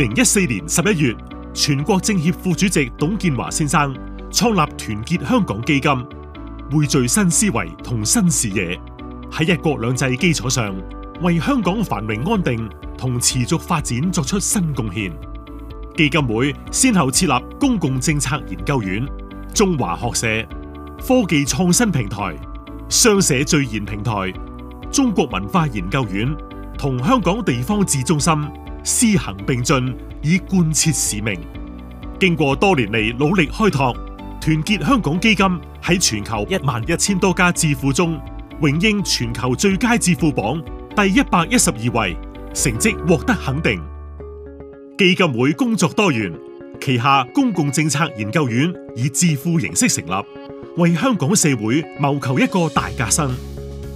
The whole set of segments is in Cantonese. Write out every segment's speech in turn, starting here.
二零一四年十一月，全國政協副主席董建華先生創立團結香港基金，匯聚新思維同新視野，喺一國兩制基礎上，為香港繁榮安定同持續發展作出新貢獻。基金會先後設立公共政策研究院、中華學社、科技創新平台、商社聚賢平台、中國文化研究院同香港地方志中心。施行並進，以貫徹使命。經過多年嚟努力開拓，團結香港基金喺全球一萬一千多家智庫中，榮膺全球最佳智庫榜第一百一十二位，成績獲得肯定。基金會工作多元，旗下公共政策研究院以智庫形式成立，為香港社會謀求一個大革新，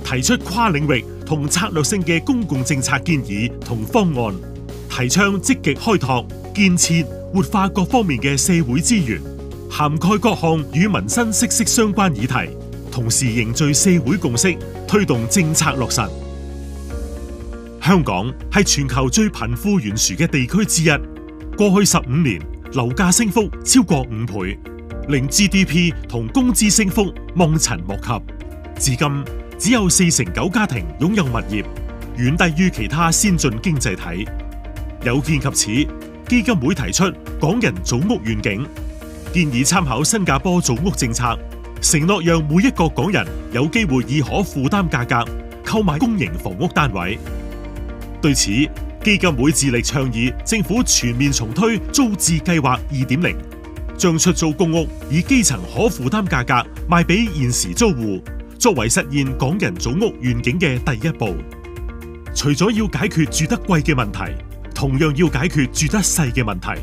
提出跨領域同策略性嘅公共政策建議同方案。提倡積極開拓、建設、活化各方面嘅社會資源，涵蓋各項與民生息息相關議題，同時凝聚社會共識，推動政策落實。香港係全球最貧富懸殊嘅地區之一。過去十五年，樓價升幅超過五倍，令 GDP 同工資升幅望塵莫及。至今只有四成九家庭擁有物業，遠低於其他先進經濟體。有見及此，基金會提出港人組屋願景，建議參考新加坡組屋政策，承諾讓每一個港人有機會以可負擔價格購買公營房屋單位。對此，基金會致力倡議政府全面重推租置計劃2.0，將出租公屋以基層可負擔價格賣俾現時租戶，作為實現港人組屋願景嘅第一步。除咗要解決住得貴嘅問題，同樣要解決住得細嘅問題，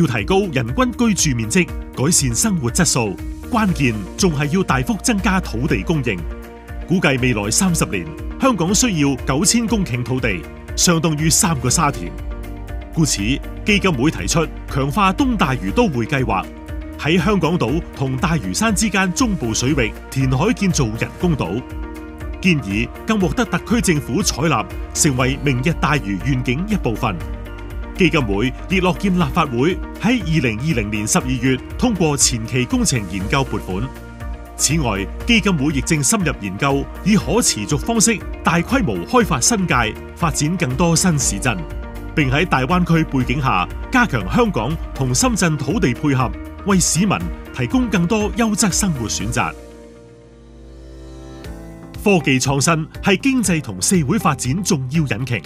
要提高人均居住面積，改善生活質素。關鍵仲係要大幅增加土地供應。估計未來三十年，香港需要九千公頃土地，相當於三個沙田。故此，基金會提出強化東大嶼都會計劃，喺香港島同大嶼山之間中部水域填海建造人工島。建議更獲得特區政府採納，成為明日大嶼願景一部分。基金會樂見立法會喺二零二零年十二月通過前期工程研究撥款。此外，基金會亦正深入研究以可持續方式大規模開發新界，發展更多新市鎮，並喺大灣區背景下加強香港同深圳土地配合，為市民提供更多優質生活選擇。科技創新係經濟同社會發展重要引擎，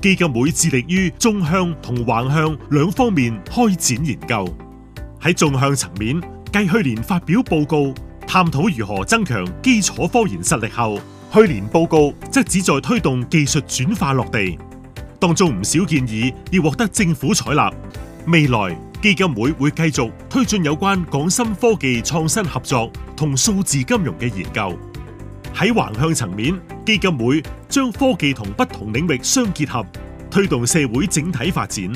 基金會致力於縱向同橫向兩方面開展研究。喺縱向層面，繼去年發表報告探討如何增強基礎科研實力後，去年報告則旨在推動技術轉化落地，當中唔少建議要獲得政府採納。未來基金會會繼續推進有關港深科技創新合作同數字金融嘅研究。喺橫向層面，基金會將科技同不同領域相結合，推動社會整體發展。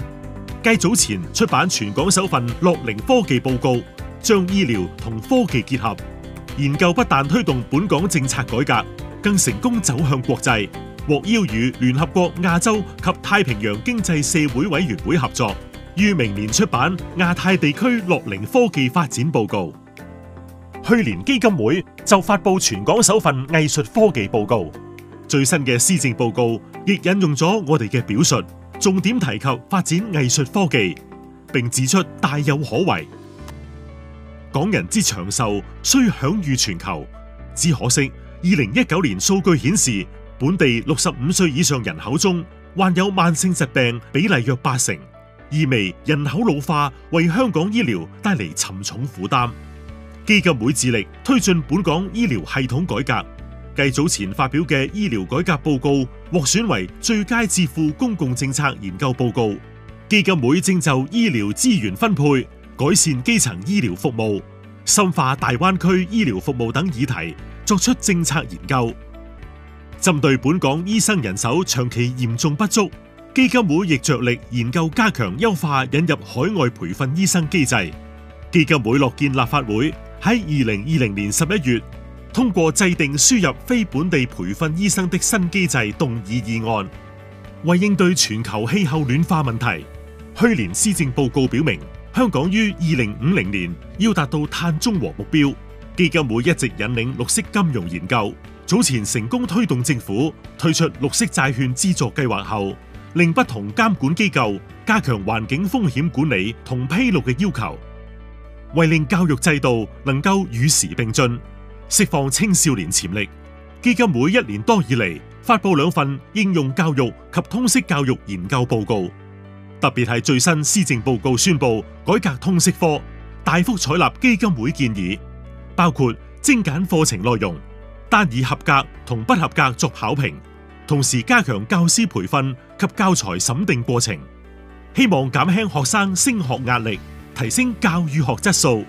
繼早前出版全港首份《樂齡科技報告》，將醫療同科技結合，研究不但推動本港政策改革，更成功走向國際，獲邀與聯合國亞洲及太平洋經濟社會委員會合作，於明年出版亞太地區《樂齡科技發展報告》。去年基金會就發布全港首份藝術科技報告，最新嘅施政報告亦引用咗我哋嘅表述，重點提及發展藝術科技，並指出大有可為。港人之長壽雖享譽全球，只可惜二零一九年數據顯示，本地六十五歲以上人口中患有慢性疾病比例約八成，意味人口老化為香港醫療帶嚟沉重負擔。基金會致力推進本港醫療系統改革，繼早前發表嘅醫療改革報告獲選為最佳智庫公共政策研究報告。基金會正就醫療資源分配、改善基層醫療服務、深化大灣區醫療服務等議題作出政策研究。針對本港醫生人手長期嚴重不足，基金會亦着力研究加強優化引入海外培訓醫生機制。基金會落建立法會喺二零二零年十一月，通過制定輸入非本地培訓醫生的新機制動議議案。為應對全球氣候暖化問題，去年施政報告表明，香港於二零五零年要達到碳中和目標。基金會一直引領綠色金融研究，早前成功推動政府推出綠色債券資助計劃後，令不同監管機構加強環境風險管理同披露嘅要求。為令教育制度能夠與時並進，釋放青少年潛力，基金會一年多以嚟發佈兩份應用教育及通識教育研究報告。特別係最新施政報告宣布改革通識科，大幅採納基金會建議，包括精簡課程內容，單以合格同不合格作考評，同時加強教師培訓及教材審定過程，希望減輕學生升學壓力。提升教育學質素，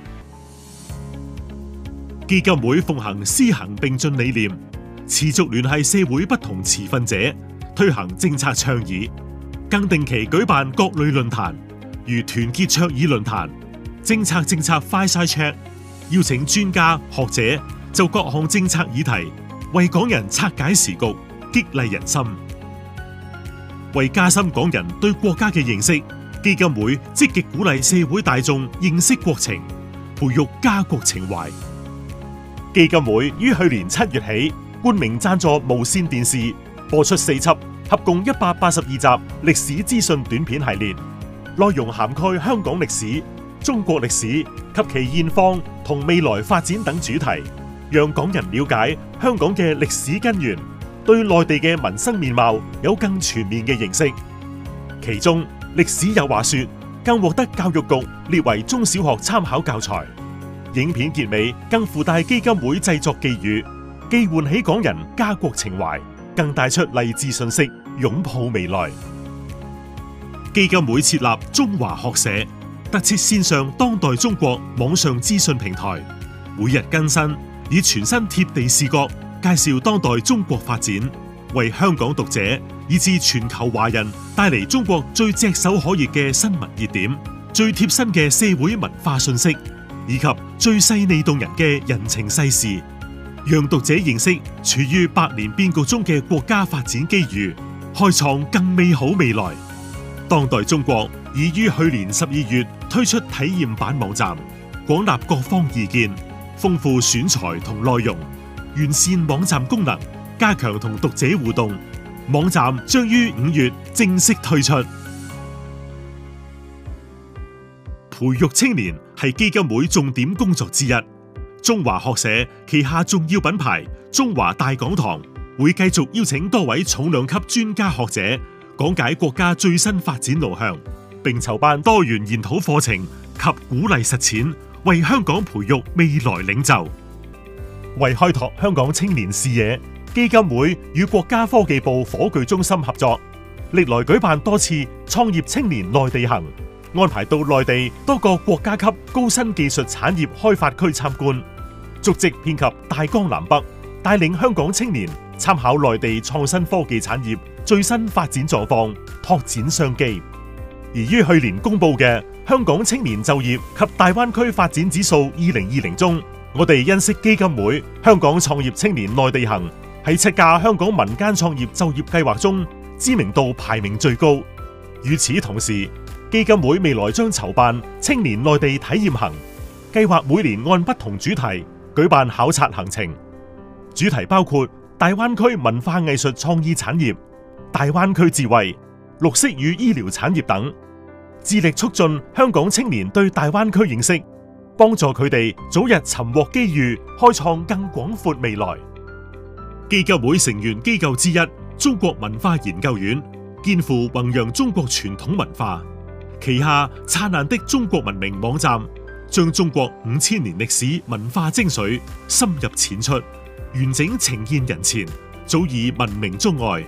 基金會奉行施行並進理念，持續聯繫社會不同持份者，推行政策倡議，更定期舉辦各類論壇，如團結卓議論壇、政策政策快晒 check，邀請專家學者就各項政策議題為港人拆解時局，激勵人心，為加深港人對國家嘅認識。基金會積極鼓勵社會大眾認識國情，培育家國情懷。基金會於去年七月起冠名贊助無綫電視播出四輯，合共一百八十二集歷史資訊短片系列，內容涵蓋香港歷史、中國歷史及其現況同未來發展等主題，讓港人了解香港嘅歷史根源，對內地嘅民生面貌有更全面嘅認識。其中，歷史有話說，更獲得教育局列為中小學參考教材。影片結尾更附帶基金會製作寄語，寄喚起港人家國情懷，更帶出勵志訊息，擁抱未來。基金會設立中華學社，特設綫上當代中國網上資訊平台，每日更新，以全新貼地視角介紹當代中國發展，為香港讀者，以至全球華人帶嚟中國最炙手可熱嘅新聞熱點、最貼身嘅社會文化信息，以及最細膩動人嘅人情世事，讓讀者認識處於百年變局中嘅國家發展機遇，開創更美好未來。當代中國已於去年十二月推出體驗版網站，廣納各方意見，豐富選材同內容，完善網站功能，加強同讀者互動。網站將於五月正式推出。培育青年係基金會重點工作之一。中華學社旗下重要品牌中華大講堂會繼續邀請多位重量級專家學者講解國家最新發展路向，並籌辦多元研討課程及鼓勵實踐，為香港培育未來領袖，為開拓香港青年視野。基金會與國家科技部火炬中心合作，歷來舉辦多次創業青年內地行，安排到內地多個國家級高新技術產業開發區參觀，足跡遍及大江南北，帶領香港青年參考內地創新科技產業最新發展狀況，拓展商機。而於去年公布嘅《香港青年就業及大灣區發展指數二零二零》中，我哋因式基金會香港創業青年內地行。喺七架香港民間創業就業計劃中，知名度排名最高。與此同時，基金會未來將籌辦青年內地體驗行，計劃每年按不同主題舉辦考察行程。主題包括大灣區文化藝術創意產業、大灣區智慧、綠色與醫療產業等，致力促進香港青年對大灣區認識，幫助佢哋早日尋獲機遇，開創更廣闊未來。基金會成員機構之一中國文化研究院，肩負弘揚中國傳統文化。旗下燦爛的中國文明網站，將中國五千年歷史文化精髓深入淺出、完整呈現人前，早已聞名中外。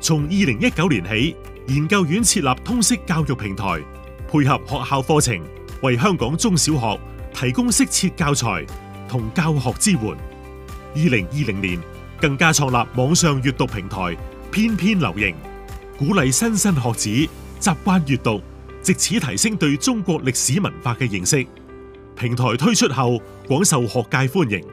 從二零一九年起，研究院設立通識教育平台，配合學校課程，為香港中小學提供適切教材同教學支援。二零二零年，更加創立網上閱讀平台《篇篇流螢》，鼓勵新生學子習慣閱讀，借此提升對中國歷史文化嘅認識。平台推出後廣受學界歡迎，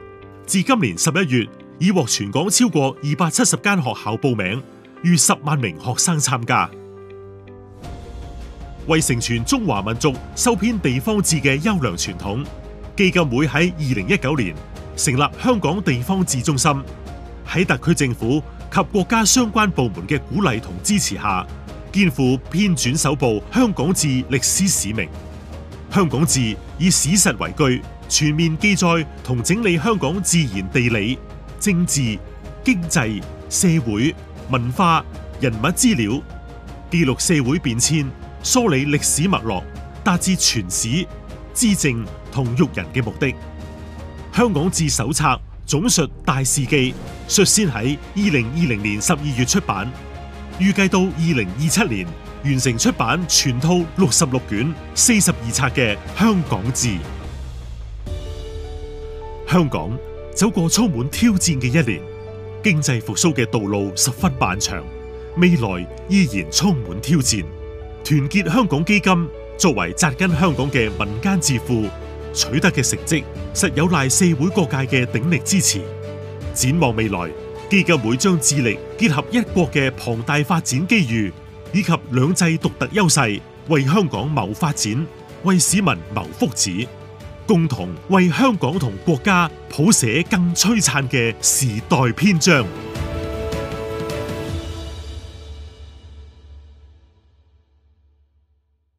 至今年十一月已獲全港超過二百七十間學校報名，逾十萬名學生參加。為承傳中華民族修編地方志嘅優良傳統，基金會喺二零一九年成立香港地方志中心。喺特區政府及國家相關部門嘅鼓勵同支持下，肩負編纂首部《香港志》歷史使命。《香港志》以史實為據，全面記載同整理香港自然地理、政治、經濟、社會、文化、人物資料，記錄社會變遷，梳理歷史脈絡，達至傳史、資政同育人嘅目的。《香港志》手冊總述大事記。率先喺二零二零年十二月出版，預計到二零二七年完成出版全套六十六卷四十二冊嘅《香港志》。香港走過充滿挑戰嘅一年，經濟復蘇嘅道路十分漫長，未來依然充滿挑戰。團結香港基金作為紮根香港嘅民間智庫，取得嘅成績實有賴社會各界嘅鼎力支持。展望未來，基金會將致力結合一國嘅龐大發展機遇，以及兩制獨特優勢，為香港謀發展，為市民謀福祉，共同為香港同國家譜寫更璀璨嘅時代篇章。